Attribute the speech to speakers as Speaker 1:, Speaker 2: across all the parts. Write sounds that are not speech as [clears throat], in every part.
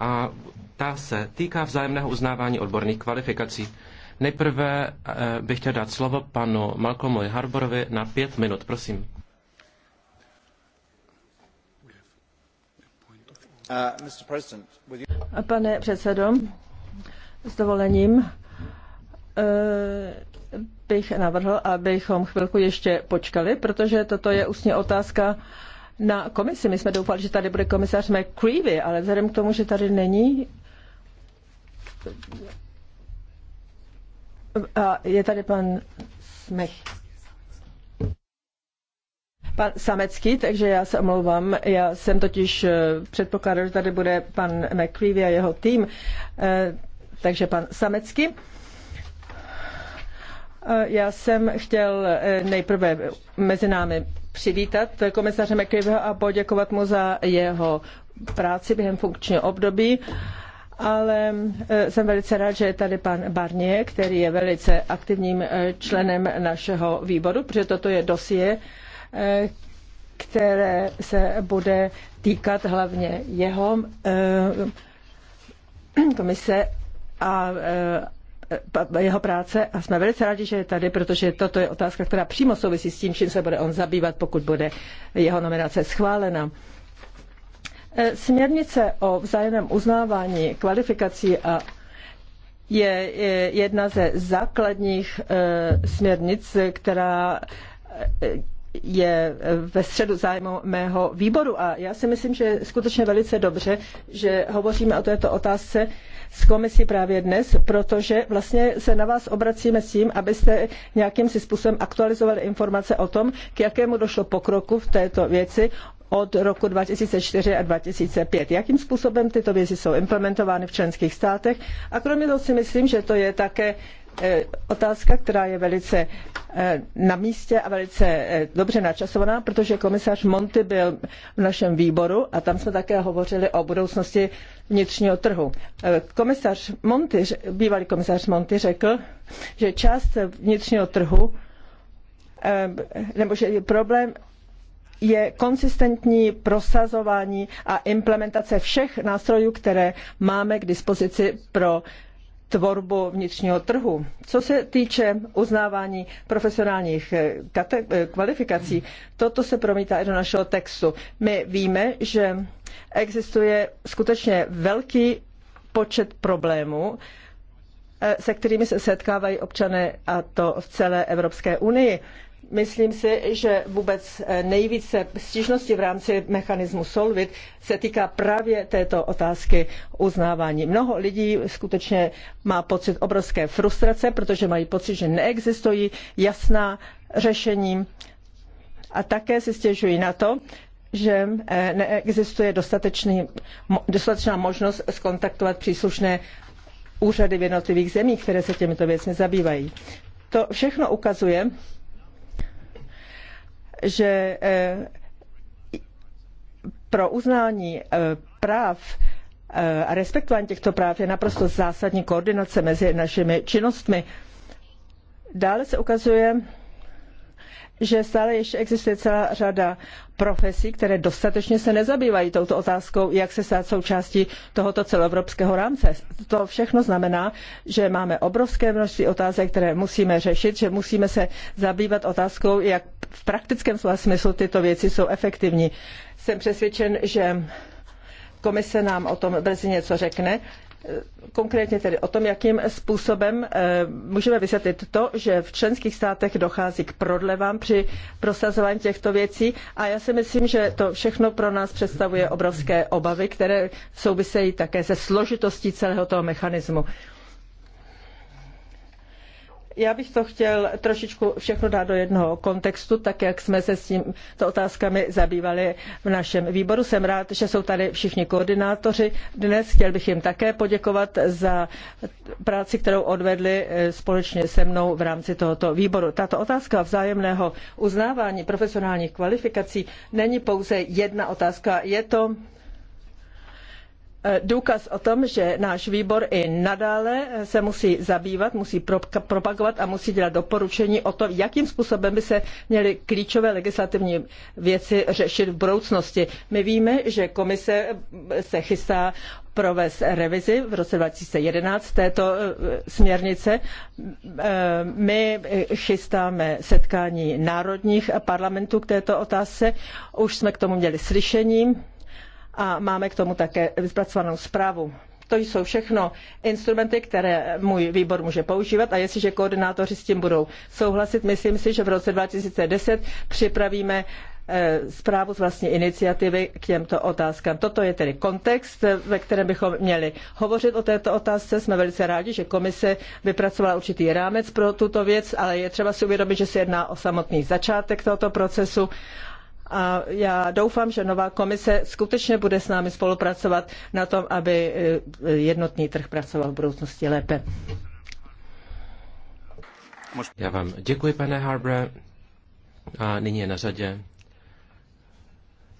Speaker 1: a ta se týká vzájemného uznávání odborných kvalifikací. Nejprve eh, bych chtěl dát slovo panu Malcolmu Harborovi na pět minut, prosím. Uh,
Speaker 2: Pane předsedo, s dovolením eh, bych navrhl, abychom chvilku ještě počkali, protože toto je ústně otázka na komisi. My jsme doufali, že tady bude komisař McCreevy, ale vzhledem k tomu, že tady není, a je tady pan Smech. Pan Samecký, takže já se omlouvám. Já jsem totiž eh, předpokládal, že tady bude pan McCreevy a jeho tým. Eh, takže pan Samecký. Eh, já jsem chtěl nejprve mezi námi přivítat komisaře McCabeho a poděkovat mu za jeho práci během funkčního období ale e, jsem velice rád, že je tady pan Barnier, který je velice aktivním e, členem našeho výboru, protože toto je dosie, e, které se bude týkat hlavně jeho komise a jeho práce a jsme velice rádi, že je tady, protože toto je otázka, která přímo souvisí s tím, čím se bude on zabývat, pokud bude jeho nominace schválena. E, směrnice o vzájemném uznávání kvalifikací a je jedna ze základních e, směrnic, která e, je ve středu zájmu mého výboru. A já si myslím, že je skutečně velice dobře, že hovoříme o této otázce s komisí právě dnes, protože vlastně se na vás obracíme s tím, abyste nějakým si způsobem aktualizovali informace o tom, k jakému došlo pokroku v této věci od roku 2004 a 2005. Jakým způsobem tyto věci jsou implementovány v členských státech? A kromě toho si myslím, že to je také Eh, otázka, která je velice eh, na místě a velice eh, dobře načasovaná, protože komisař Monty byl v našem výboru a tam jsme také hovořili o budoucnosti vnitřního trhu. Komisař Monty, bývalý komisař Monty řekl, že část vnitřního trhu nebo že problém je konsistentní prosazování a implementace všech nástrojů, které máme k dispozici pro tvorbu vnitřního trhu. Co se týče uznávání profesionálních kvalifikací, toto se promítá i do našeho textu. My víme, že existuje skutečně velký počet problémů, eh, se kterými se setkávají občané a to v celé Evropské unii. Myslím si, že vůbec eh, nejvíce stížností v rámci mechanismu Solvit se týká právě této otázky uznávání. Mnoho lidí skutečně má pocit obrovské frustrace, protože mají pocit, že neexistují jasná řešení a také si stěžují na to, že eh, neexistuje dostatečná možnost skontaktovat příslušné úřady v jednotlivých zemích, které se těmito věcmi zabývají. To všechno ukazuje, že eh, pro uznání eh, práv eh, a respektování těchto práv je naprosto zásadní koordinace mezi našimi činnostmi. Dále se ukazuje, že stále ještě existuje celá řada profesí, které dostatečně se nezabývají touto otázkou, jak se stát součástí tohoto celoevropského rámce. To všechno znamená, že máme obrovské množství otázek, které musíme řešit, že musíme se zabývat otázkou, jak v praktickém slova smyslu tyto věci jsou efektivní. Jsem přesvědčen, že komise nám o tom brzy něco řekne konkrétně tedy o tom, jakým způsobem eh, můžeme vysvětlit to, že v členských státech dochází k prodlevám při prosazování těchto věcí a já si myslím, že to všechno pro nás představuje obrovské obavy, které souvisejí také se složitostí celého toho mechanismu. Já bych to chtěl trošičku všechno dát do jednoho kontextu, tak jak jsme se s tímto otázkami zabývali v našem výboru. Jsem rád, že jsou tady všichni koordinátoři dnes. Chtěl bych jim také poděkovat za práci, kterou odvedli eh, společně se mnou v rámci tohoto výboru. Tato otázka vzájemného uznávání profesionálních kvalifikací není pouze jedna otázka. Je to Eh, důkaz o tom, že náš výbor i nadále eh, se musí zabývat, musí propagovat a musí dělat doporučení o tom, jakým způsobem by se měly klíčové legislativní věci řešit v budoucnosti. My víme, že komise eh, se chystá provést revizi v roce 2011 této směrnice. My chystáme setkání národních parlamentů k této otázce. Už jsme k tomu měli slyšení a máme k tomu také vypracovanou zprávu. To jsou všechno instrumenty, které můj výbor může používat a jestliže koordinátoři s tím budou souhlasit, myslím si, že v roce 2010 připravíme eh, zprávu z vlastní iniciativy k těmto otázkám. Toto je tedy kontext, ve kterém bychom měli hovořit o této otázce. Jsme velice rádi, že komise vypracovala určitý rámec pro tuto věc, ale je třeba si uvědomit, že se jedná o samotný začátek tohoto procesu a já doufám, že nová komise skutečně bude s námi spolupracovat na tom, aby e, jednotný trh pracoval v budoucnosti lépe.
Speaker 1: Já vám děkuji, pane Harbre. A nyní je na řadě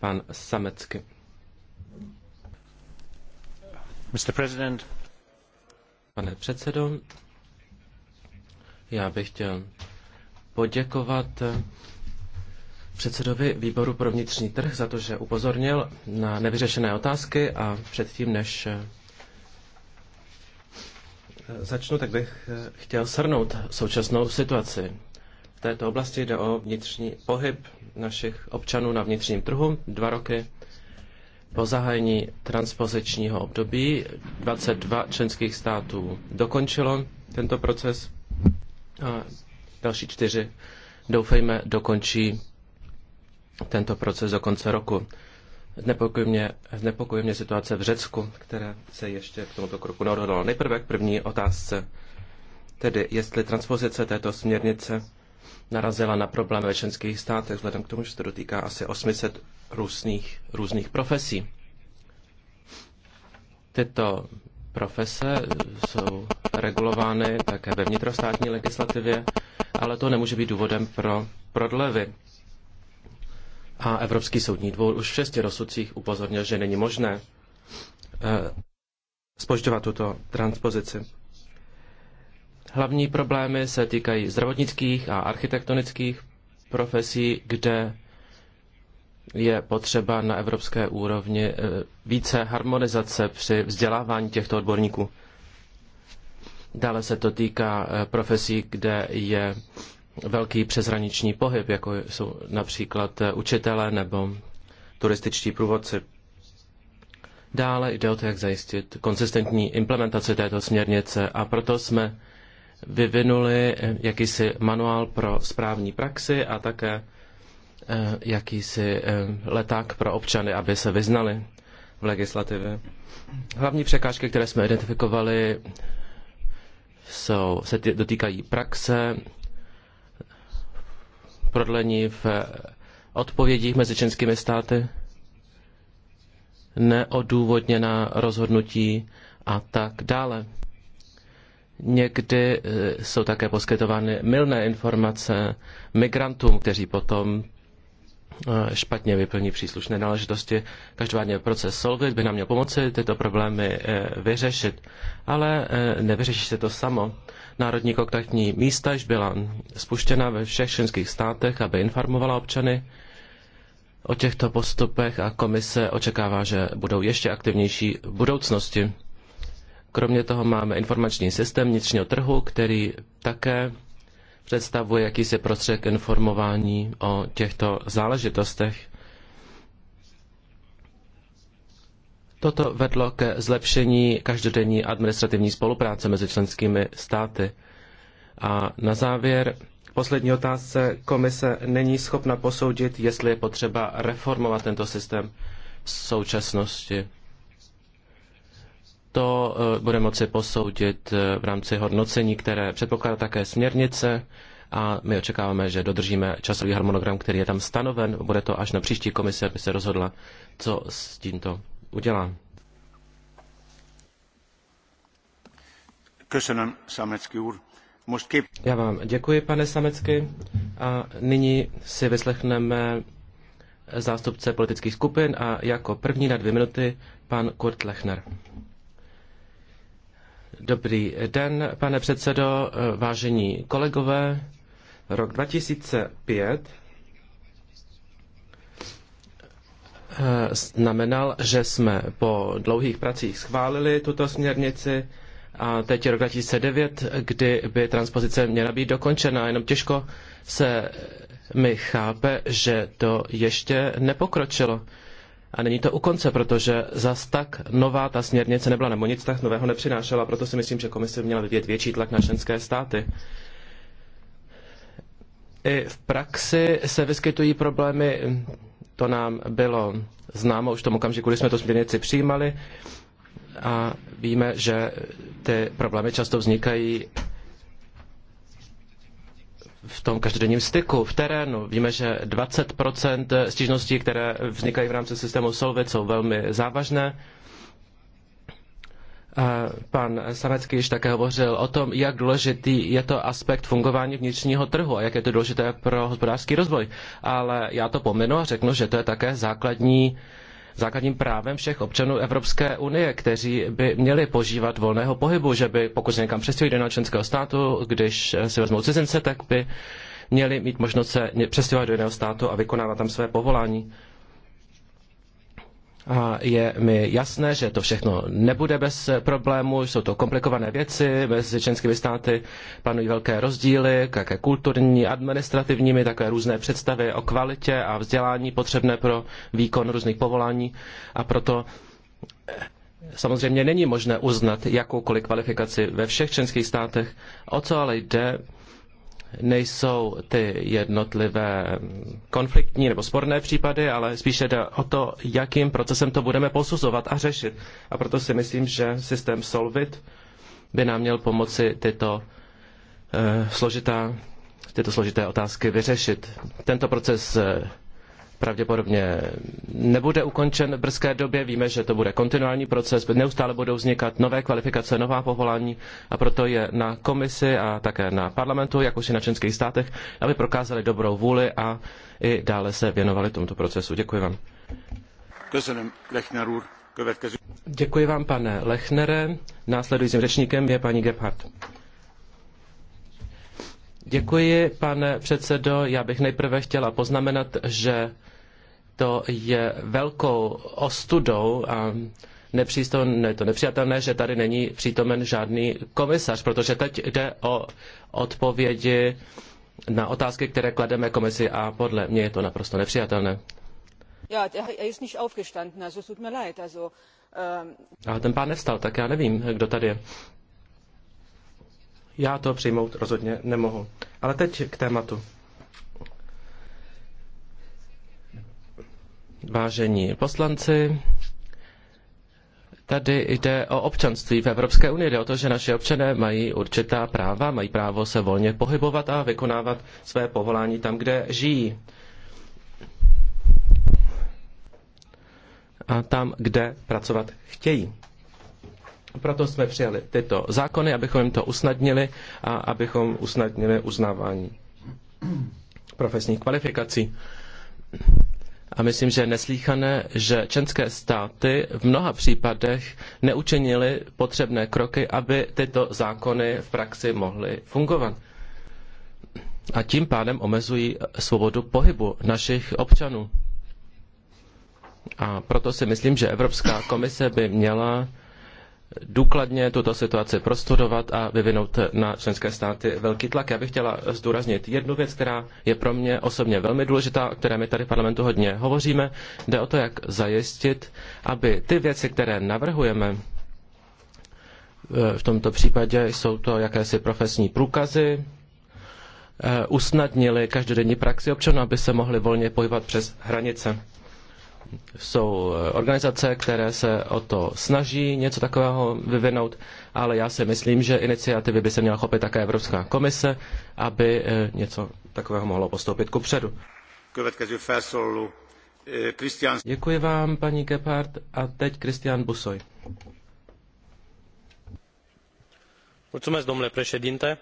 Speaker 1: pan Samecky. Mr. President. Pane předsedo, já bych chtěl poděkovat předsedovi výboru pro vnitřní trh za to, že upozornil na nevyřešené otázky a předtím, než eh, začnu, tak bych eh, chtěl shrnout současnou situaci. V této oblasti jde o vnitřní pohyb našich občanů na vnitřním trhu. Dva roky po zahájení transpozičního období 22 členských států dokončilo tento proces a další čtyři doufejme dokončí tento proces do konce roku. Znepokojuje mě, znepokojuje mě situace v Řecku, která se ještě k tomuto kroku neodhodlalo. Nejprve k první otázce, tedy jestli transpozice této směrnice narazila na problémy ve členských státech, vzhledem k tomu, že se to dotýká asi 800 různých, různých profesí. Tyto profese jsou regulovány také ve vnitrostátní legislativě, ale to nemůže být důvodem pro prodlevy. A Evropský soudní dvůr už v šesti rozsudcích upozornil, že není možné eh, spožďovat tuto transpozici. Hlavní problémy se týkají zdravotnických a architektonických profesí, kde je potřeba na evropské úrovni eh, více harmonizace při vzdělávání těchto odborníků. Dále se to týká eh, profesí, kde je velký přeshraniční pohyb, jako jsou například učitelé nebo turističtí průvodci. Dále jde o to, jak zajistit konsistentní implementaci této směrnice a proto jsme vyvinuli jakýsi manuál pro správní praxi a také eh, jakýsi eh, leták pro občany, aby se vyznali v legislativě. Hlavní překážky, které jsme identifikovali, jsou, se dotýkají praxe, prodlení v odpovědích mezi členskými státy, neodůvodněná rozhodnutí a tak dále. Někdy eh, jsou také poskytovány mylné informace migrantům, kteří potom Eh, špatně vyplní příslušné náležitosti. Každopádně proces Solvit by nám měl pomoci tyto problémy eh, vyřešit, ale eh, nevyřeší se to samo. Národní kontaktní místa již byla spuštěna ve všech členských státech, aby informovala občany o těchto postupech a komise očekává, že budou ještě aktivnější v budoucnosti. Kromě toho máme informační systém vnitřního trhu, který také představuje jakýsi prostředek informování o těchto záležitostech. Toto vedlo ke zlepšení každodenní administrativní spolupráce mezi členskými státy. A na závěr poslední otázce. Komise není schopna posoudit, jestli je potřeba reformovat tento systém v současnosti to eh, bude moci posoudit eh, v rámci hodnocení, které předpokládá také směrnice a my očekáváme, že dodržíme časový harmonogram, který je tam stanoven. Bude to až na příští komisi, aby se rozhodla, co s tímto udělá. Já vám děkuji, pane Samecky. A nyní si vyslechneme zástupce politických skupin a jako první na dvě minuty pan Kurt Lechner. Dobrý den, pane předsedo, vážení kolegové. Rok 2005 eh, znamenal, že jsme po dlouhých pracích schválili tuto směrnici a teď je rok 2009, kdy by transpozice měla být dokončena. Jenom těžko se mi chápe, že to ještě nepokročilo. A není to u konce, protože zas tak nová ta směrnice nebyla, nebo nic tak nového nepřinášela, proto si myslím, že komise měla vyvíjet větší tlak na členské státy. I v praxi se vyskytují problémy, to nám bylo známo už v tom okamžiku, kdy jsme to směrnici přijímali a víme, že ty problémy často vznikají v tom každodenním styku, v terénu. Víme, že 20% stížností, které vznikají v rámci systému Solvit, jsou velmi závažné. Pan Samecký již také hovořil o tom, jak důležitý je to aspekt fungování vnitřního trhu a jak je to důležité pro hospodářský rozvoj. Ale já to pomenu a řeknu, že to je také základní základním právem všech občanů Evropské unie, kteří by měli požívat volného pohybu, že by pokud se někam přestěhují do členského státu, když eh, si vezmou cizince, tak by měli mít možnost se přestěhovat do jiného státu a vykonávat tam své povolání. A je mi jasné, že to všechno nebude bez problémů, jsou to komplikované věci, mezi členskými státy panují velké rozdíly, také kulturní, administrativními, také různé představy o kvalitě a vzdělání potřebné pro výkon různých povolání a proto eh, samozřejmě není možné uznat jakoukoliv kvalifikaci ve všech členských státech. O co ale jde, nejsou ty jednotlivé konfliktní nebo sporné případy, ale spíše jde o to, jakým procesem to budeme posuzovat a řešit. A proto si myslím, že systém Solvit by nám měl pomoci tyto, uh, složitá, tyto složité otázky vyřešit. Tento proces uh, pravděpodobně nebude ukončen v brzké době. Víme, že to bude kontinuální proces, neustále budou vznikat nové kvalifikace, nová povolání a proto je na komisi a také na parlamentu, jak už i na členských státech, aby prokázali dobrou vůli a i dále se věnovali tomuto procesu. Děkuji vám. Děkuji vám, pane Lechnere. Následujícím řečníkem je paní Gebhardt. Děkuji, pane předsedo. Já bych nejprve chtěla poznamenat, že to je velkou ostudou a je to nepřijatelné, že tady není přítomen žádný komisař, protože teď jde o odpovědi na otázky, které klademe komisi a podle mě je to naprosto nepřijatelné.
Speaker 2: Ja, er ist nicht aufgestanden, also tut mir leid. Also, ähm...
Speaker 1: Ale ten pán nevstal, tak já nevím, kdo tady je. Já to přijmout rozhodně nemohu. Ale teď k tématu. Vážení poslanci, tady jde o občanství v Evropské unii. Jde o to, že naši občané mají určitá práva, mají právo se volně pohybovat a vykonávat své povolání tam, kde žijí. A tam, kde pracovat chtějí. Proto jsme přijali tyto zákony, abychom jim to usnadnili a abychom usnadnili uznávání profesních kvalifikací. A myslím, že je neslíchané, že členské státy v mnoha případech neučinily potřebné kroky, aby tyto zákony v praxi mohly fungovat. A tím pádem omezují svobodu pohybu našich občanů. A proto si myslím, že Evropská komise by měla důkladně tuto situaci prostudovat a vyvinout na členské státy velký tlak. Já bych chtěla zdůraznit jednu věc, která je pro mě osobně velmi důležitá, o které my tady v parlamentu hodně hovoříme. Jde o to, jak zajistit, aby ty věci, které navrhujeme, eh, v tomto případě jsou to jakési profesní průkazy, eh, usnadnili každodenní praxi občanů, aby se mohli volně pohybovat přes hranice jsou eh, organizace, které se o to snaží něco takového vyvinout, ale já si myslím, že iniciativy by se měla chopit také Evropská komise, aby eh, něco takového mohlo postoupit ku předu. Eh, Děkuji vám, paní Gebhardt. A teď Kristian Busoj. Mulțumesc, domnule președinte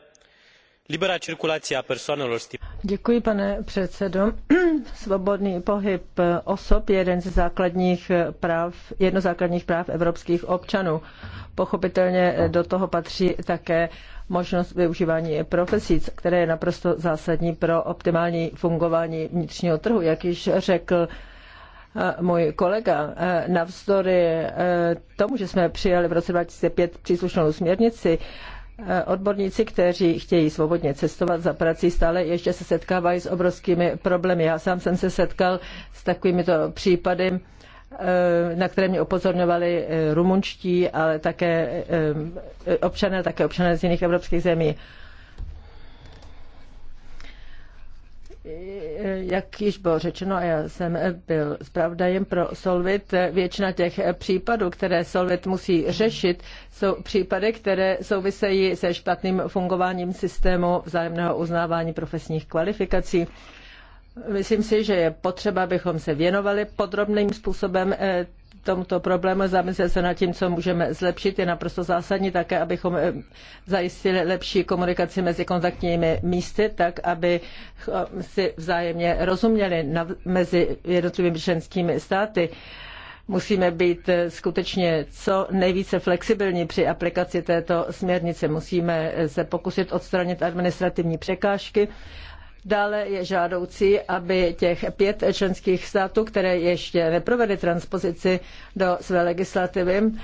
Speaker 1: libera cirkulace persoanelor
Speaker 2: pane předsedající [clears throat] Svobodný pohyb osob je jedno ze základních práv, jedno z základních práv evropských občanů. Pochopitelně do toho patří také možnost využívání profesí, které je naprosto zásadní pro optimální fungování vnitřního trhu. Jak již řekl eh, můj kolega, eh, navzdory eh, tomu, že jsme přijali v roce five příslušnou směrnici, Odborníci, kteří chtějí svobodně cestovat za prací, stále ještě se setkávají s obrovskými problémy. Já sám jsem se setkal s takovýmito případy, eh, na které mě upozorňovali eh, rumunští, ale také eh, občané, také občané z jiných evropských zemí. Jak již bylo řečeno, já jsem byl zpravdajem pro Solvit. Většina těch případů, které Solvit musí řešit, jsou případy, které souvisejí se špatným fungováním systému vzájemného uznávání profesních kvalifikací. Myslím si, že je potřeba, abychom se věnovali podrobným způsobem eh, tomuto problému, zamyslet se nad tím, co můžeme zlepšit. Je naprosto zásadní také, abychom eh, zajistili lepší komunikaci mezi kontaktními místy, tak aby eh, si vzájemně rozuměli mezi jednotlivými členskými státy musíme být eh, skutečně co nejvíce flexibilní při aplikaci této směrnice. Musíme se pokusit odstranit administrativní překážky Dále je žádoucí, aby těch pět členských států, které ještě neprovedly transpozici do své legislativy, ehm,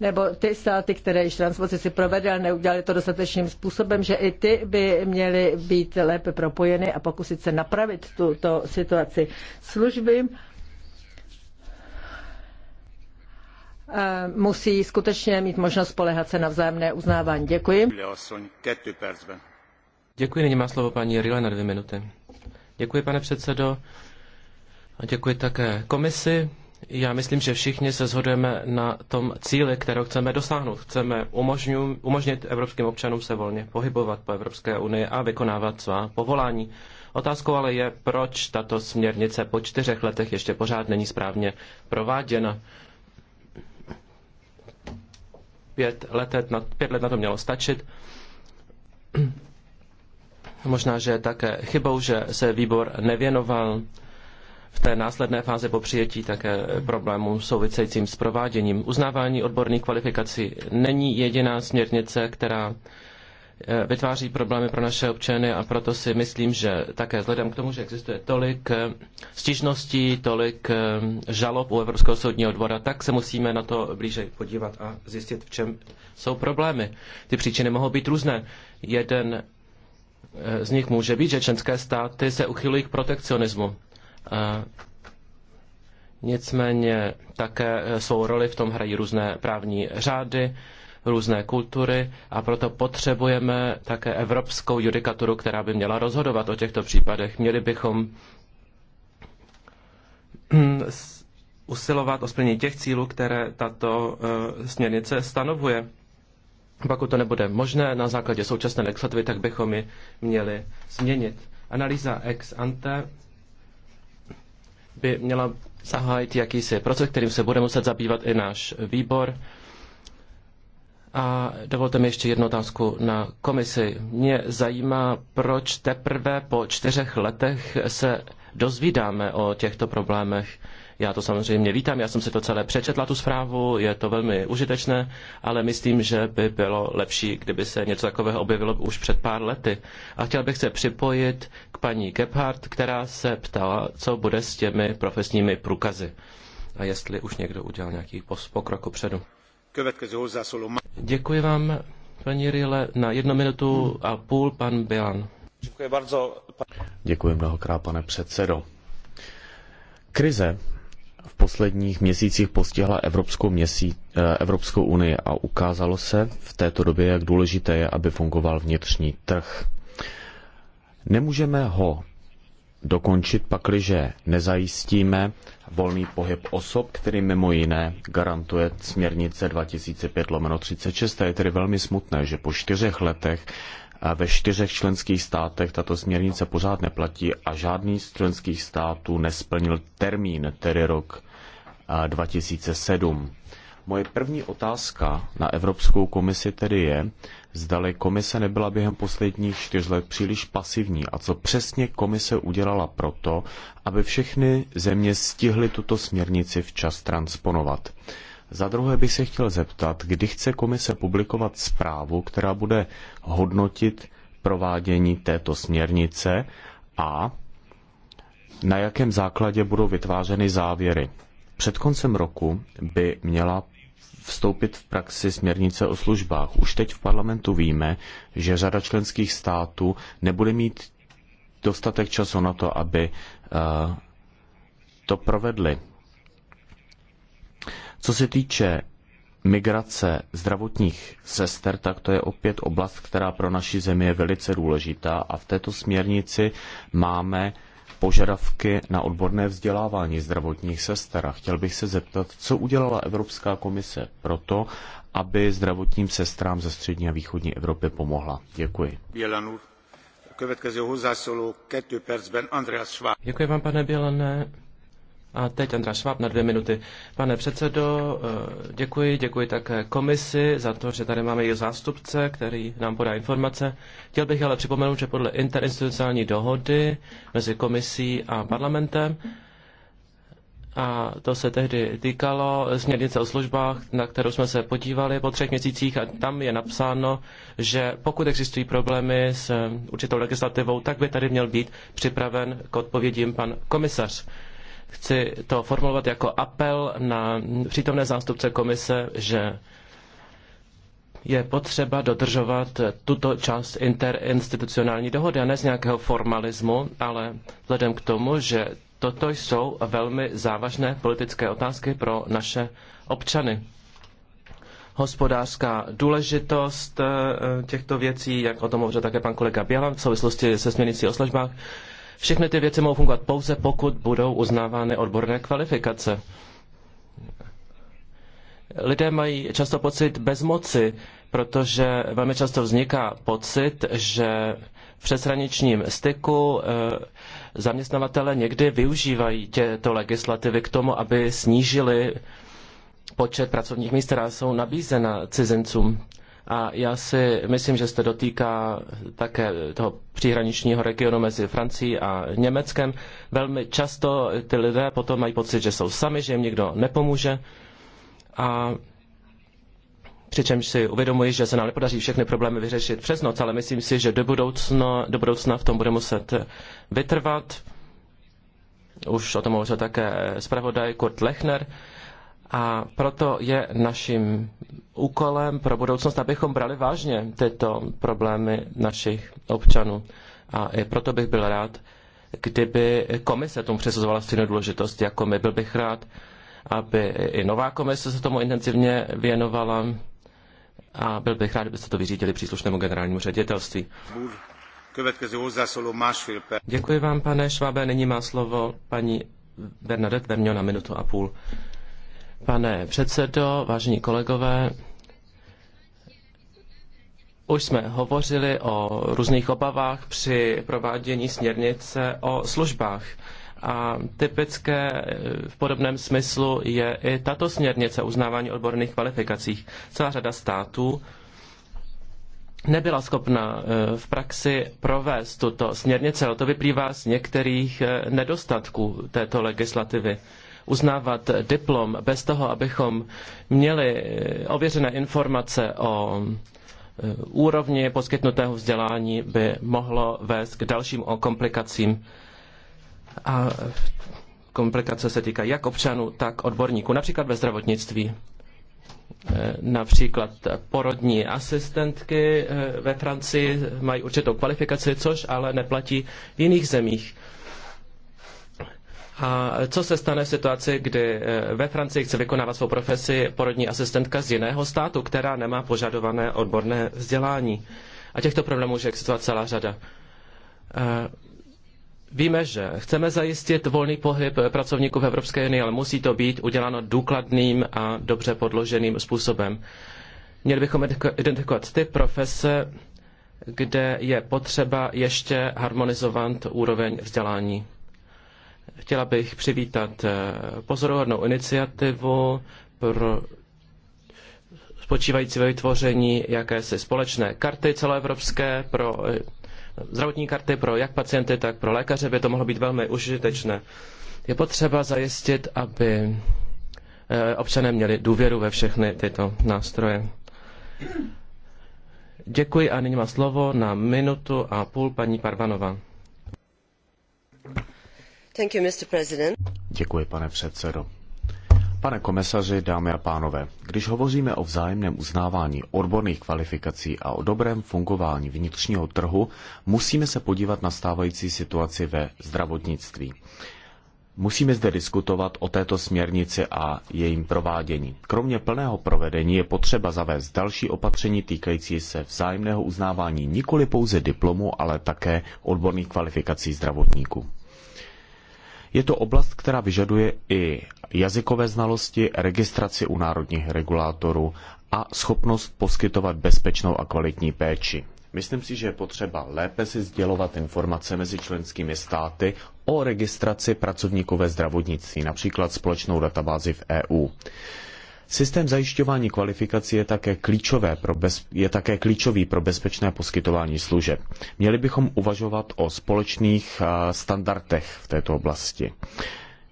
Speaker 2: nebo ty státy, které již transpozici provedly, ale neudělali to dostatečným způsobem, že i ty by měly být lépe propojeny a pokusit se napravit tuto situaci. Služby ehm, musí skutečně mít možnost spolehat se na vzájemné uznávání. Děkuji.
Speaker 1: Děkuji, nyní má slovo paní Rile na dvě minuty. Děkuji, pane předsedo. A děkuji také komisi. Já myslím, že všichni se shodujeme na tom cíli, kterého chceme dosáhnout. Chceme umožnit evropským občanům se volně pohybovat po Evropské unii a vykonávat svá povolání. Otázkou ale je, proč tato směrnice po čtyřech letech ještě pořád není správně prováděna. Pět, na, pět let na to mělo stačit Možná, že je také chybou, že se výbor nevěnoval v té následné fázi po přijetí také problémů souvisejícím s prováděním. Uznávání odborných kvalifikací není jediná směrnice, která eh, vytváří problémy pro naše občany a proto si myslím, že také vzhledem k tomu, že existuje tolik eh, stížností, tolik eh, žalob u Evropského soudního dvora, tak se musíme na to blíže podívat a zjistit, v čem jsou problémy. Ty příčiny mohou být různé. Jeden z nich může být, že členské státy se uchylují k protekcionismu. Nicméně také e, svou roli v tom hrají různé právní řády, různé kultury a proto potřebujeme také evropskou judikaturu, která by měla rozhodovat o těchto případech. Měli bychom mm, usilovat o splnění těch cílů, které tato e, směrnice stanovuje. Pokud to nebude možné na základě současné legislativy, tak bychom ji měli změnit. Analýza ex ante by měla zahájit jakýsi proces, kterým se bude muset zabývat i náš výbor. A dovolte mi ještě jednu otázku na komisi. Mě zajímá, proč teprve po čtyřech letech se dozvídáme o těchto problémech. Já to samozřejmě vítám, já jsem si to celé přečetla, tu zprávu, je to velmi užitečné, ale myslím, že by bylo lepší, kdyby se něco takového objevilo už před pár lety. A chtěl bych se připojit k paní Gebhardt, která se ptala, co bude s těmi profesními průkazy a jestli už někdo udělal nějaký pokrok předu. Děkuji vám, paní Rile. Na jednu minutu a půl pan Bilan.
Speaker 3: Děkuji, bardzo, pan... Děkuji mnohokrát, pane předsedo. Krize v posledních měsících postihla Evropskou, měsí eh, Evropskou unii a ukázalo se v této době, jak důležité je, aby fungoval vnitřní trh. Nemůžeme ho dokončit, pakliže nezajistíme volný pohyb osob, který mimo jiné garantuje směrnice 2005-36. Je tedy velmi smutné, že po čtyřech letech ve čtyřech členských státech tato směrnice pořád neplatí a žádný z členských států nesplnil termín, tedy rok 2007. Moje první otázka na Evropskou komisi tedy je, zdali komise nebyla během posledních čtyř let příliš pasivní a co přesně komise udělala proto, aby všechny země stihly tuto směrnici včas transponovat. Za druhé bych se chtěl zeptat, kdy chce komise publikovat zprávu, která bude hodnotit provádění této směrnice a na jakém základě budou vytvářeny závěry. Před koncem roku by měla vstoupit v praxi směrnice o službách. Už teď v parlamentu víme, že řada členských států nebude mít dostatek času na to, aby eh, to provedli. Co se týče migrace zdravotních sester, tak to je opět oblast, která pro naši zemi je velice důležitá a v této směrnici máme požadavky na odborné vzdělávání zdravotních sester. A chtěl bych se zeptat, co udělala Evropská komise pro to, aby zdravotním sestrám ze střední a východní Evropy
Speaker 1: pomohla. Děkuji. Děkuji vám, pane Bělané. A teď Andra Šváb na dvě minuty. Pane předsedo, eh, děkuji, děkuji také komisi za to, že tady máme její zástupce, který nám podá informace. Chtěl bych ale připomenout, že podle interinstitucionální dohody mezi komisí a parlamentem a to se tehdy týkalo směrnice o službách, na kterou jsme se podívali po třech měsících a tam je napsáno, že pokud existují problémy s určitou legislativou, tak by tady měl být připraven k odpovědím pan komisař. Chci to formulovat jako apel na přítomné zástupce komise, že je potřeba dodržovat tuto část interinstitucionální dohody a ne z nějakého formalismu, ale vzhledem k tomu, že toto jsou velmi závažné politické otázky pro naše občany. Hospodářská důležitost eh, těchto věcí, jak o tom hovořil také pan kolega Bělan v souvislosti se směrnicí o službách, všechny ty věci mohou fungovat pouze, pokud budou uznávány odborné kvalifikace. Lidé mají často pocit bezmoci, protože velmi často vzniká pocit, že v přeshraničním styku eh, zaměstnavatele někdy využívají těto legislativy k tomu, aby snížili počet pracovních míst, která jsou nabízena cizincům. A já si myslím, že se dotýká také toho příhraničního regionu mezi Francií a Německem. Velmi často ty lidé potom mají pocit, že jsou sami, že jim nikdo nepomůže. A přičemž si uvědomuji, že se nám nepodaří všechny problémy vyřešit přes noc, ale myslím si, že do budoucna, do budoucna v tom bude muset vytrvat. Už o tom hovořil také zpravodaj Kurt Lechner. A proto je naším úkolem pro budoucnost, abychom brali vážně tyto problémy našich občanů. A i proto bych byl rád, kdyby komise tomu přesuzovala stejnou důležitost jako my. Byl bych rád, aby i nová komise se tomu intenzivně věnovala a byl bych rád, kdybyste to vyřídili příslušnému generálnímu ředitelství. Děkuji vám, pane Švábe. Nyní má slovo paní Bernadette Verňo na minutu a půl. Pane předsedo, vážení kolegové, už jsme hovořili o různých obavách při provádění směrnice o službách. A typické v podobném smyslu je i tato směrnice uznávání odborných kvalifikací. Celá řada států nebyla schopna eh, v praxi provést tuto směrnici, ale to vyplývá z některých eh, nedostatků této legislativy uznávat diplom bez toho, abychom měli eh, ověřené informace o eh, úrovni poskytnutého vzdělání, by mohlo vést k dalším komplikacím. A komplikace se týká jak občanů, tak odborníků, například ve zdravotnictví eh, například porodní asistentky ve Francii mají určitou kvalifikaci, což ale neplatí v jiných zemích. A co se stane v situaci, kdy eh, ve Francii chce vykonávat svou profesi porodní asistentka z jiného státu, která nemá požadované odborné vzdělání? A těchto problémů může existovat celá řada. Eh, víme, že chceme zajistit volný pohyb pracovníků v Evropské unii, ale musí to být uděláno důkladným a dobře podloženým způsobem. Měli bychom identifikovat ty profese, kde je potřeba ještě harmonizovat úroveň vzdělání. Chtěla bych přivítat eh, pozoruhodnou iniciativu pro spočívající ve vytvoření jakési společné karty celoevropské pro eh, zdravotní karty pro jak pacienty, tak pro lékaře by to mohlo být velmi užitečné. Je potřeba zajistit, aby eh, občané měli důvěru ve všechny tyto nástroje. Děkuji a nyní má slovo na minutu a půl paní Parvanova.
Speaker 3: Děkuji, pane předsedo. Pane komisaři, dámy a pánové, když hovoříme o vzájemném uznávání odborných kvalifikací a o dobrém fungování vnitřního trhu, musíme se podívat na stávající situaci ve zdravotnictví. Musíme zde diskutovat o této směrnici a jejím provádění. Kromě plného provedení je potřeba zavést další opatření týkající se vzájemného uznávání nikoli pouze diplomu, ale také odborných kvalifikací zdravotníků. Je to oblast, která vyžaduje i jazykové znalosti, registraci u národních regulátorů a schopnost poskytovat bezpečnou a kvalitní péči. Myslím si, že je potřeba lépe si sdělovat informace mezi členskými státy o registraci pracovníků ve zdravotnictví, například společnou databázi v EU. Systém zajišťování kvalifikací je také, klíčové pro bez, je také klíčový pro bezpečné poskytování služeb. Měli bychom uvažovat o společných standardech v této oblasti.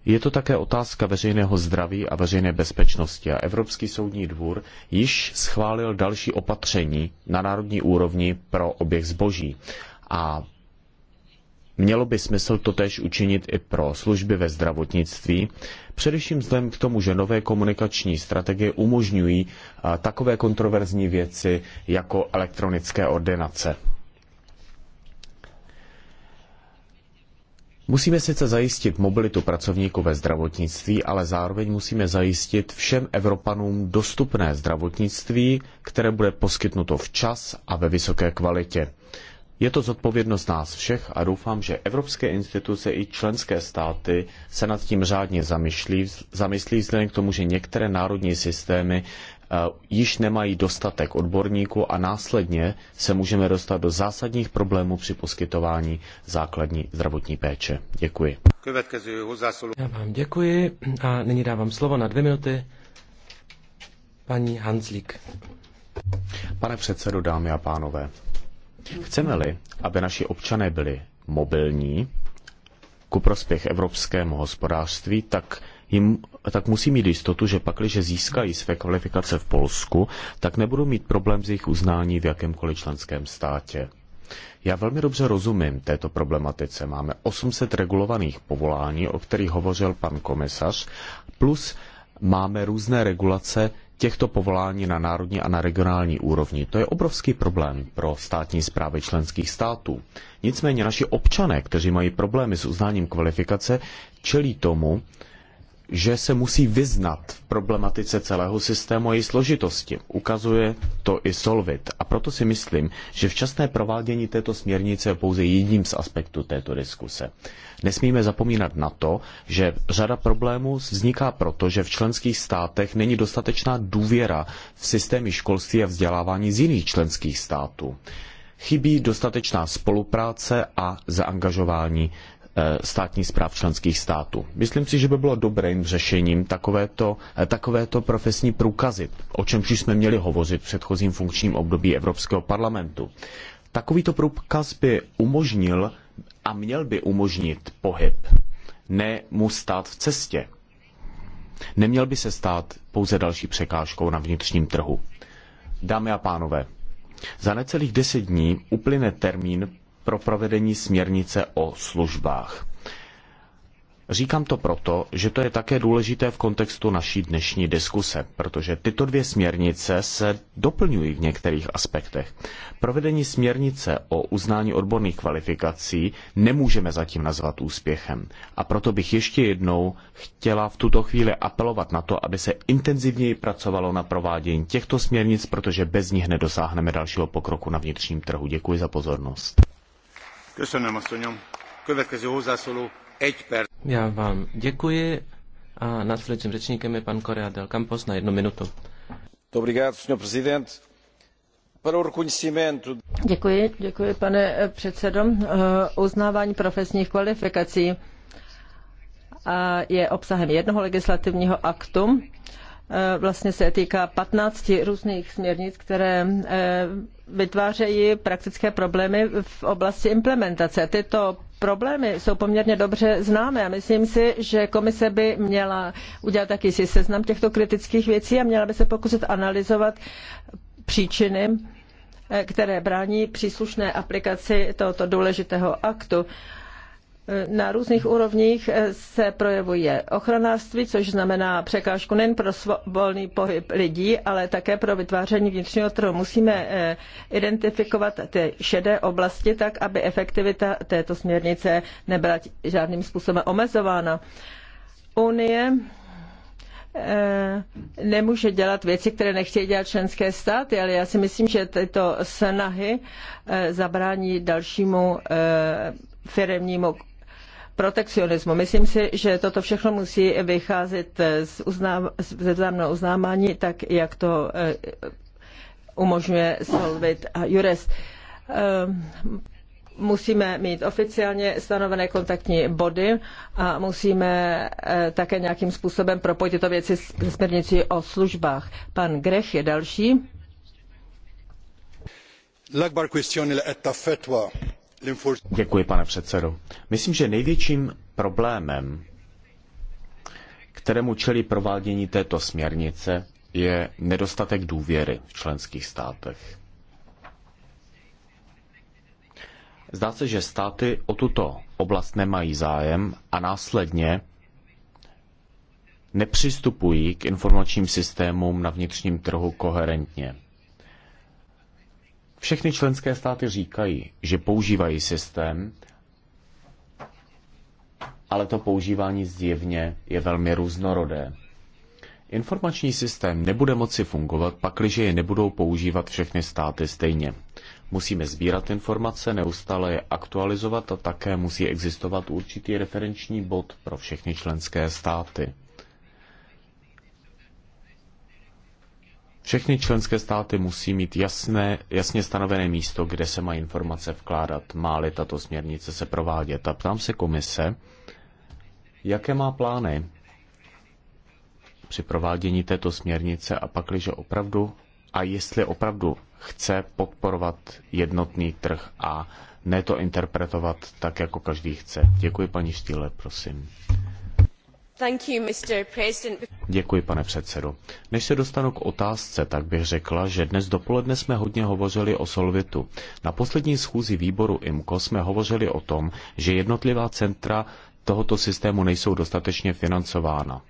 Speaker 3: Je to také otázka veřejného zdraví a veřejné bezpečnosti a Evropský soudní dvůr již schválil další opatření na národní úrovni pro oběh zboží. A Mělo by smysl to učinit i pro služby ve zdravotnictví, především vzhledem k tomu, že nové komunikační strategie umožňují takové kontroverzní věci jako elektronické ordinace. Musíme sice zajistit mobilitu pracovníků ve zdravotnictví, ale zároveň musíme zajistit všem Evropanům dostupné zdravotnictví, které bude poskytnuto včas a ve vysoké kvalitě. Je to zodpovědnost nás všech a doufám, že evropské instituce i členské státy se nad tím řádně zamyslí, zamyslí vzhledem k tomu, že některé národní systémy eh, již nemají dostatek odborníků a následně se můžeme dostat do zásadních problémů při poskytování základní zdravotní péče. Děkuji.
Speaker 1: Já vám děkuji a nyní dávám slovo na dvě minuty paní Hanslík.
Speaker 3: Pane předsedo, dámy a pánové, Chceme-li, aby naši občané byli mobilní ku prospěch evropskému hospodářství, tak jim, tak musí mít jistotu, že pakliže získají své kvalifikace v Polsku, tak nebudou mít problém s jejich uznání v jakémkoliv členském státě. Já velmi dobře rozumím této problematice. Máme 800 regulovaných povolání, o kterých hovořil pan komisař, plus máme různé regulace těchto povolání na národní a na regionální úrovni. To je obrovský problém pro státní zprávy členských států. Nicméně naši občané, kteří mají problémy s uznáním kvalifikace, čelí tomu, že se musí vyznat v problematice celého systému a její složitosti. Ukazuje to i Solvit. A proto si myslím, že včasné provádění této směrnice je pouze jedním z aspektů této diskuse. Nesmíme zapomínat na to, že řada problémů vzniká proto, že v členských státech není dostatečná důvěra v systémy školství a vzdělávání z jiných členských států. Chybí dostatečná spolupráce a zaangažování eh, státní zpráv členských států. Myslím si, že by bylo dobrým řešením takovéto, eh, takovéto profesní průkazy, o čemž jsme měli hovořit v předchozím funkčním období Evropského parlamentu. Takovýto průkaz by umožnil a měl by umožnit pohyb, ne mu stát v cestě. Neměl by se stát pouze další překážkou na vnitřním trhu. Dámy a pánové, za necelých deset dní uplyne termín pro provedení směrnice o službách. Říkám to proto, že to je také důležité v kontextu naší dnešní diskuse, protože tyto dvě směrnice se doplňují v některých aspektech. Provedení směrnice o uznání odborných kvalifikací nemůžeme zatím nazvat úspěchem. A proto bych ještě jednou chtěla v tuto chvíli apelovat na to, aby se intenzivněji pracovalo na provádění těchto směrnic, protože bez nich nedosáhneme dalšího pokroku na vnitřním
Speaker 1: trhu. Děkuji za pozornost.
Speaker 3: Köszönöm, asszonyom. Következő hozzászóló
Speaker 1: já vám děkuji a následujícím řečníkem je pan Korea del Campos na jednu minutu.
Speaker 2: Děkuji, děkuji, pane eh, předsedo. Eh, uznávání profesních kvalifikací eh, je obsahem jednoho legislativního aktu Eh, vlastně se týká 15 různých směrnic, které eh, vytvářejí praktické problémy v oblasti implementace. Tyto problémy jsou poměrně dobře známé a myslím si, že komise by měla udělat taky si seznam těchto kritických věcí a měla by se pokusit analyzovat příčiny, eh, které brání příslušné aplikaci tohoto důležitého aktu na různých úrovních eh, se projevuje ochranářství, což znamená překážku nejen pro volný pohyb lidí, ale také pro vytváření vnitřního trhu. Musíme eh, identifikovat ty šedé oblasti tak, aby efektivita této směrnice nebyla žádným způsobem omezována. Unie eh, nemůže dělat věci, které nechtějí dělat členské státy, ale já si myslím, že tyto snahy zabrání dalšímu firmnímu protekcionismu. Myslím si, že toto všechno musí vycházet z uznám, ze vzájemného uznámání, tak jak to eh, umožňuje Solvit a Jurest. Eh, musíme mít oficiálně stanovené kontaktní body a musíme eh, také nějakým způsobem propojit tyto věci s směrnicí o službách. Pan Grech je další.
Speaker 1: L-akbar
Speaker 3: kwistjoni li qed Děkuji, pane předsedo. Myslím, že největším problémem, kterému čelí provádění této směrnice, je nedostatek důvěry v členských státech. Zdá se, že státy o tuto oblast nemají zájem a následně nepřistupují k informačním systémům na vnitřním trhu koherentně. Všechny členské státy říkají, že používají systém, ale to používání zjevně je velmi různorodé. Informační systém nebude moci fungovat, pakliže je nebudou používat všechny státy stejně. Musíme sbírat informace, neustále je aktualizovat a také musí existovat určitý referenční bod pro všechny členské státy. Všechny členské státy musí mít jasné, jasně stanovené místo, kde se má informace vkládat, má-li tato směrnice se provádět. A ptám se komise, jaké má plány při provádění této směrnice a pakliže opravdu a jestli opravdu chce podporovat jednotný trh a ne to interpretovat tak, jako každý chce. Děkuji paní Štýle, prosím. Děkuji, pane předsedající Než se dostanu k otázce, tak bych řekla, že dnes dopoledne jsme hodně hovořili o Solvitu. Na poslední schůzi výboru IMCO jsme hovořili o tom, že jednotlivá centra tohoto systému nejsou dostatečně financována.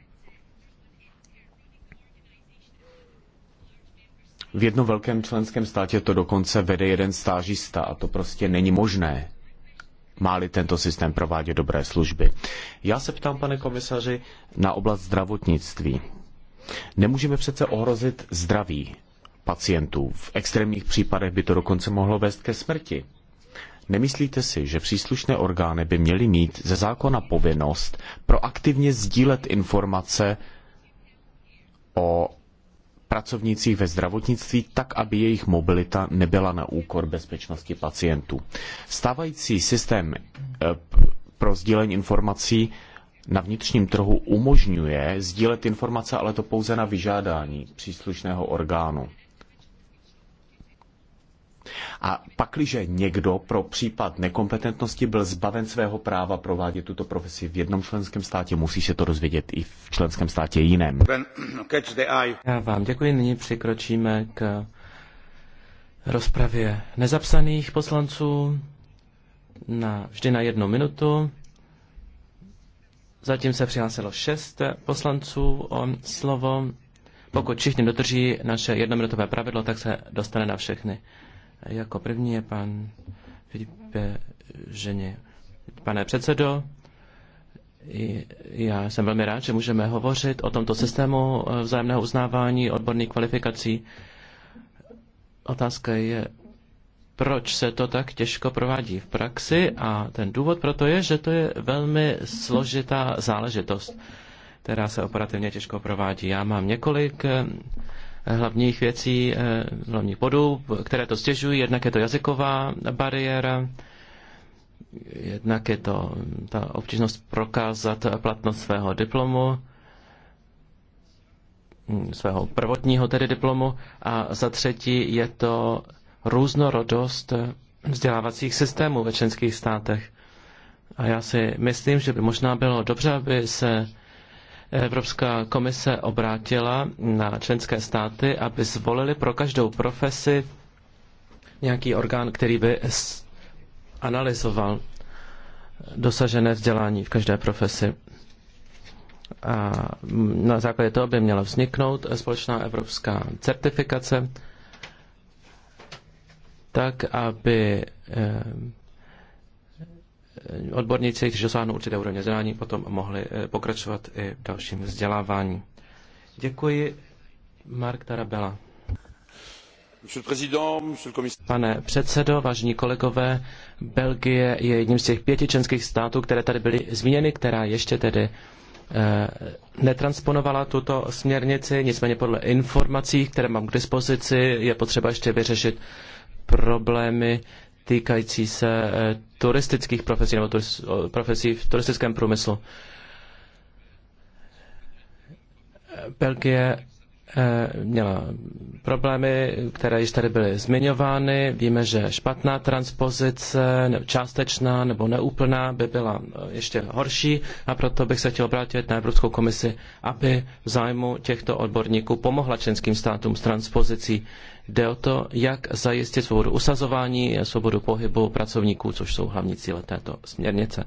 Speaker 3: V jednom velkém členském státě to dokonce vede jeden stážista a to prostě není možné máli tento systém provádět dobré služby. Já se ptám, pane komisaři, na oblast zdravotnictví. Nemůžeme přece ohrozit zdraví pacientů. V extrémních případech by to dokonce mohlo vést ke smrti. Nemyslíte si, že příslušné orgány by měly mít ze zákona povinnost proaktivně sdílet informace o pracovnících ve zdravotnictví tak, aby jejich mobilita nebyla na úkor bezpečnosti pacientů. Stávající systém eh, pro sdílení informací na vnitřním trhu umožňuje sdílet informace, ale to pouze na vyžádání příslušného orgánu. A pakliže někdo pro případ nekompetentnosti byl zbaven svého práva provádět tuto profesi v jednom členském státě, musí se to dozvědět i v členském státě jiném.
Speaker 1: Uh, Já vám děkuji, nyní přikročíme k rozpravě nezapsaných poslanců na, vždy na jednu minutu. Zatím se přihlásilo šest poslanců o slovo. Pokud všichni dodrží naše jednominutové pravidlo, tak se dostane na všechny. Jako první je pan Filipe Ženě. Pane předsedo, já jsem velmi rád, že můžeme hovořit o tomto systému eh, vzájemného uznávání odborných kvalifikací. Otázka je, proč se to tak těžko provádí v praxi a ten důvod proto je, že to je velmi složitá záležitost, která se operativně těžko provádí. Já mám několik eh, hlavních věcí, eh, hlavních bodů, které to stěžují. Jednak je to jazyková bariéra, jednak je to ta obtížnost prokázat platnost svého diplomu, mm, svého prvotního tedy diplomu a za třetí je to různorodost vzdělávacích systémů ve členských státech. A já si myslím, že by možná bylo dobře, aby se Evropská komise obrátila na členské státy, aby zvolili pro každou profesi nějaký orgán, který by analyzoval dosažené vzdělání v každé profesi. A na základě toho by měla vzniknout společná evropská certifikace, tak aby eh, odborníci, kteří dosáhnou určité úrovně zrání, potom mohli eh, pokračovat i v dalším vzdělávání. Děkuji, Mark Tarabella. Pane předsedo, vážení kolegové, Belgie je jedním z těch pěti členských států, které tady byly zmíněny, která ještě tedy eh, netransponovala tuto směrnici, nicméně podle informací, které mám k dispozici, je potřeba ještě vyřešit problémy týkající se eh, turistických profesí nebo turist, profesí v turistickém průmyslu. Belgie eh, měla problémy, které již tady byly zmiňovány. Víme, že špatná transpozice, částečná nebo neúplná by byla eh, ještě horší a proto bych se chtěl obrátit na Evropskou komisi, aby v zájmu těchto odborníků pomohla členským státům s transpozicí Jde o to, jak zajistit svobodu usazování, svobodu pohybu pracovníků, což jsou hlavní cíle této směrnice.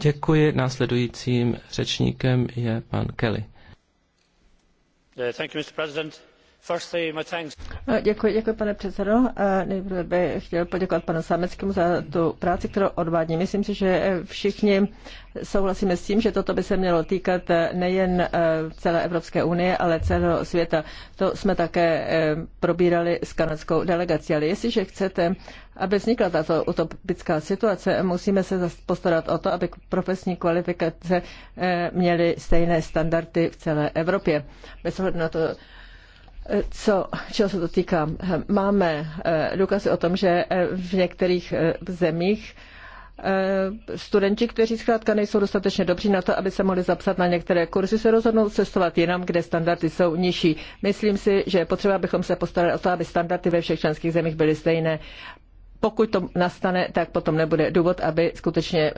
Speaker 1: Děkuji. Následujícím řečníkem je pan Kelly. Uh, thank you, Mr. President.
Speaker 2: Eh, děkuji, pane předsedo. Eh, nejprve bych chtěl poděkovat panu Sameckému za tu práci, kterou odvádí. Myslím si, že všichni souhlasíme s tím, že toto by se mělo týkat eh, nejen celé Evropské unie, ale celého světa. To jsme také probírali s kanadskou delegací. Ale jestliže chcete, aby vznikla tato utopická situace, musíme se postarat o to, aby profesní kvalifikace měly stejné standardy v celé Evropě. Bez ohledu na to, co, čeho se to týká? Máme eh, důkazy o tom, že eh, v některých eh, zemích studenti, kteří zkrátka nejsou dostatečně dobří na to, aby se mohli zapsat na některé kurzy, se rozhodnou cestovat jinam, kde standardy jsou nižší. Myslím si, že je potřeba, abychom se postarali o to, aby standardy ve všech členských zemích byly stejné pokud to nastane, tak potom nebude důvod, aby skutečně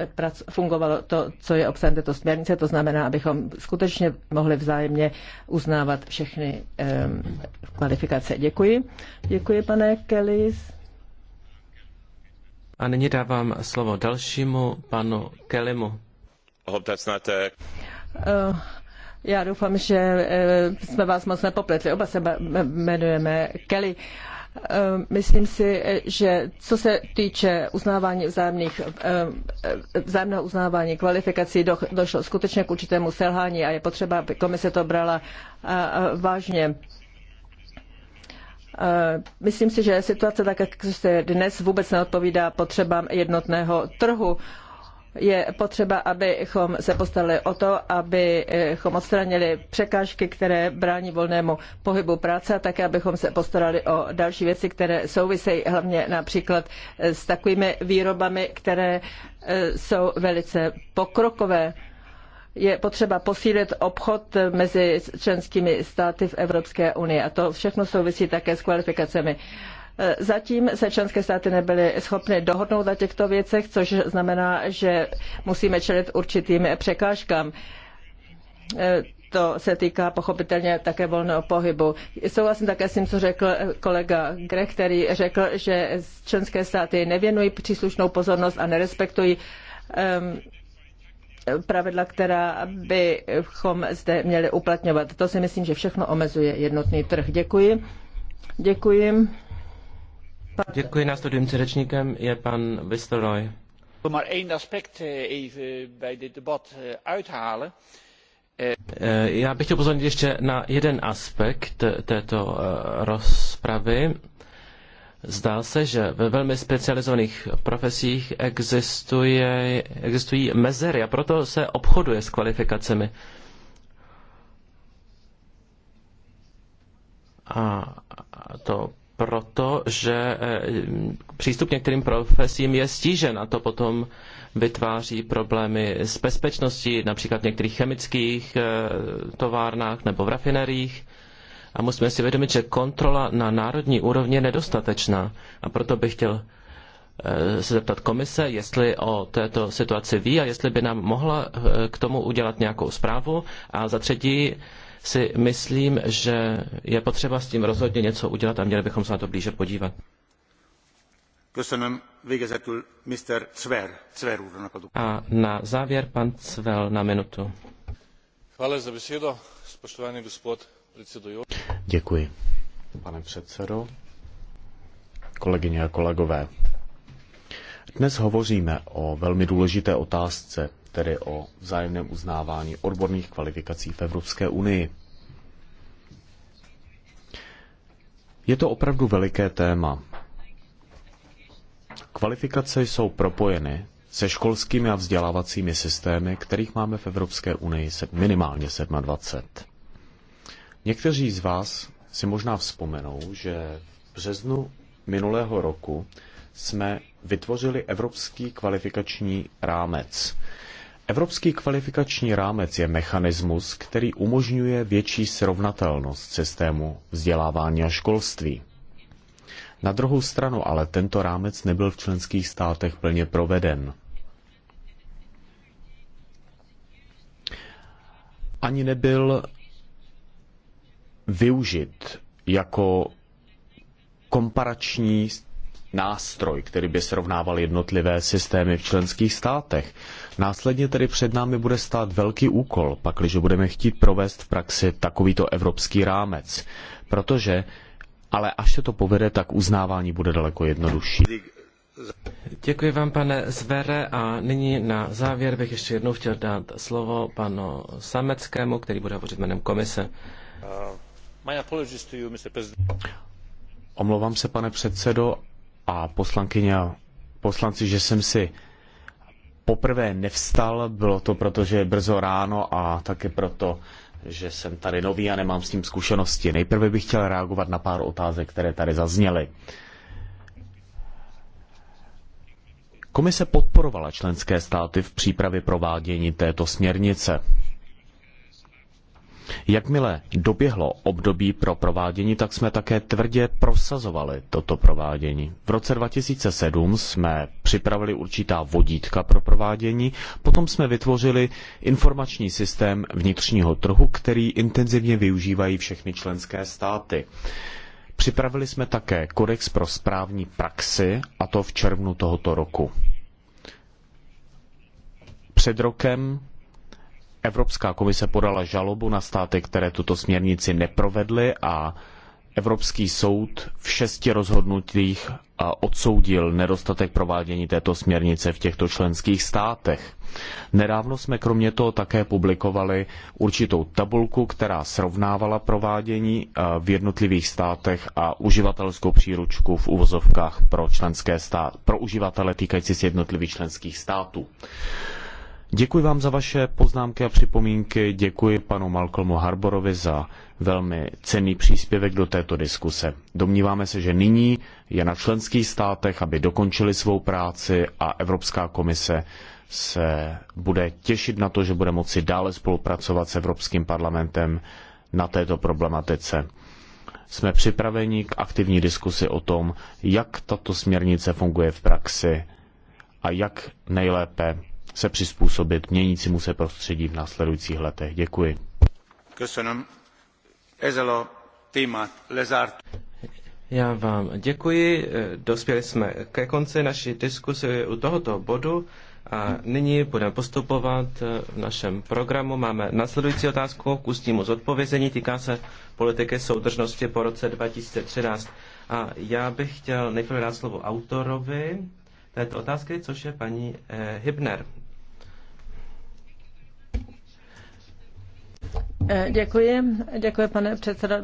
Speaker 2: fungovalo to, co je obsahem této směrnice, to znamená, abychom skutečně mohli vzájemně uznávat všechny um, kvalifikace. Děkuji. Děkuji, pane Kellys.
Speaker 1: A nyní dávám slovo dalšímu panu Kellymu. Uh, eh,
Speaker 2: já doufám, že eh, jsme vás moc nepopletli. Oba se jmenujeme Kelly. Uh, Ehm, myslím si, že co se týče uznávání vzájemných, ehm, vzájemného uznávání kvalifikací, do, došlo skutečně k určitému selhání a je potřeba, aby komise to brala eh, eh, vážně. Eh, myslím si, že situace tak, jak se dnes vůbec neodpovídá potřebám jednotného trhu je potřeba, abychom se postarali o to, abychom odstranili překážky, které brání volnému pohybu práce a také, abychom se postarali o další věci, které souvisejí hlavně například s takovými výrobami, které e, jsou velice pokrokové. Je potřeba posílit obchod mezi členskými státy v Evropské unii a to všechno souvisí také s kvalifikacemi. E, zatím se členské státy nebyly schopny dohodnout na těchto věcech, což znamená, že musíme čelit určitým překážkám. E, to se týká pochopitelně také volného pohybu. Souhlasím také s tím, co řekl kolega Grech, který řekl, že členské státy nevěnují příslušnou pozornost a nerespektují um, pravidla, která bychom zde měli uplatňovat. To si myslím, že všechno omezuje jednotný trh. Děkuji. Děkuji.
Speaker 1: Děkuji, následujícím řečníkem je pan Vistelrooy.
Speaker 3: Maar één aspect eh, even eh, bij dit debat eh, uithalen.
Speaker 1: Já bych chtěl pozornit ještě na jeden aspekt této rozpravy. Zdá se, že ve velmi specializovaných profesích existuje, existují mezery a proto se obchoduje s kvalifikacemi. A to protože eh, přístup k některým profesím je stížen a to potom vytváří problémy s bezpečností, například v některých chemických eh, továrnách nebo v rafineriích. A musíme si vědomit, že kontrola na národní úrovni je nedostatečná. A proto bych chtěl eh, se zeptat komise, jestli o této situaci ví a jestli by nám mohla k tomu udělat nějakou zprávu. A za třetí, si myslím, že je potřeba s tím rozhodně něco udělat a měli bychom se na to blíže podívat. A na závěr pan Cvel na minutu. Děkuji,
Speaker 3: pane předsedo, kolegyně a kolegové. Dnes hovoříme o velmi důležité otázce tedy o vzájemném uznávání odborných kvalifikací v Evropské unii. Je to opravdu veliké téma. Kvalifikace jsou propojeny se školskými a vzdělávacími systémy, kterých máme v Evropské unii minimálně 27. Někteří z vás si možná vzpomenou, že v březnu minulého roku jsme vytvořili Evropský kvalifikační rámec. Evropský kvalifikační rámec je mechanismus, který umožňuje větší srovnatelnost systému vzdělávání a školství. Na druhou stranu ale tento rámec nebyl v členských státech plně proveden. Ani nebyl využit jako komparační nástroj, který by srovnával jednotlivé systémy v členských státech. Následně tedy před námi bude stát velký úkol, pakliže budeme chtít provést v praxi takovýto evropský rámec. Protože, ale až se to povede, tak uznávání bude daleko jednodušší.
Speaker 1: Děkuji vám, pane Zvere, a nyní na závěr bych ještě jednou chtěl dát slovo panu Sameckému, který bude hovořit jménem komise. Uh,
Speaker 3: Omlouvám se, pane předsedo, a poslankyně a poslanci, že jsem si poprvé nevstal. Bylo to proto, že je brzo ráno a také proto, že jsem tady nový a nemám s tím zkušenosti. Nejprve bych chtěl reagovat na pár otázek, které tady zazněly. Komise podporovala členské státy v přípravě provádění této směrnice. Jakmile doběhlo období pro provádění, tak jsme také tvrdě prosazovali toto provádění. V roce 2007 jsme připravili určitá vodítka pro provádění, potom jsme vytvořili informační systém vnitřního trhu, který intenzivně využívají všechny členské státy. Připravili jsme také kodex pro správní praxi, a to v červnu tohoto roku. Před rokem Evropská komise podala žalobu na státy, které tuto směrnici neprovedly a Evropský soud v šesti rozhodnutích odsoudil nedostatek provádění této směrnice v těchto členských státech. Nedávno jsme kromě toho také publikovali určitou tabulku, která srovnávala provádění v jednotlivých státech a uživatelskou příručku v uvozovkách pro, členské stát, pro uživatele týkající se jednotlivých členských států. Děkuji vám za vaše poznámky a připomínky. Děkuji panu Malcolmu Harborovi za velmi cenný příspěvek do této diskuse. Domníváme se, že nyní je na členských státech, aby dokončili svou práci a Evropská komise se bude těšit na to, že bude moci dále spolupracovat s Evropským parlamentem na této problematice. Jsme připraveni k aktivní diskusi o tom, jak tato směrnice funguje v praxi a jak nejlépe se přizpůsobit měnícímu se prostředí v následujících letech.
Speaker 1: Děkuji. Já vám děkuji. Dospěli jsme ke konci naší diskuse u tohoto bodu a nyní budeme postupovat v našem programu. Máme následující otázku k ústnímu zodpovězení. Týká se politiky soudržnosti po roce 2013. A já bych chtěl nejprve dát slovo autorovi této otázky, což je paní eh, Hybner.
Speaker 2: Děkuji, děkuji pane předsedo.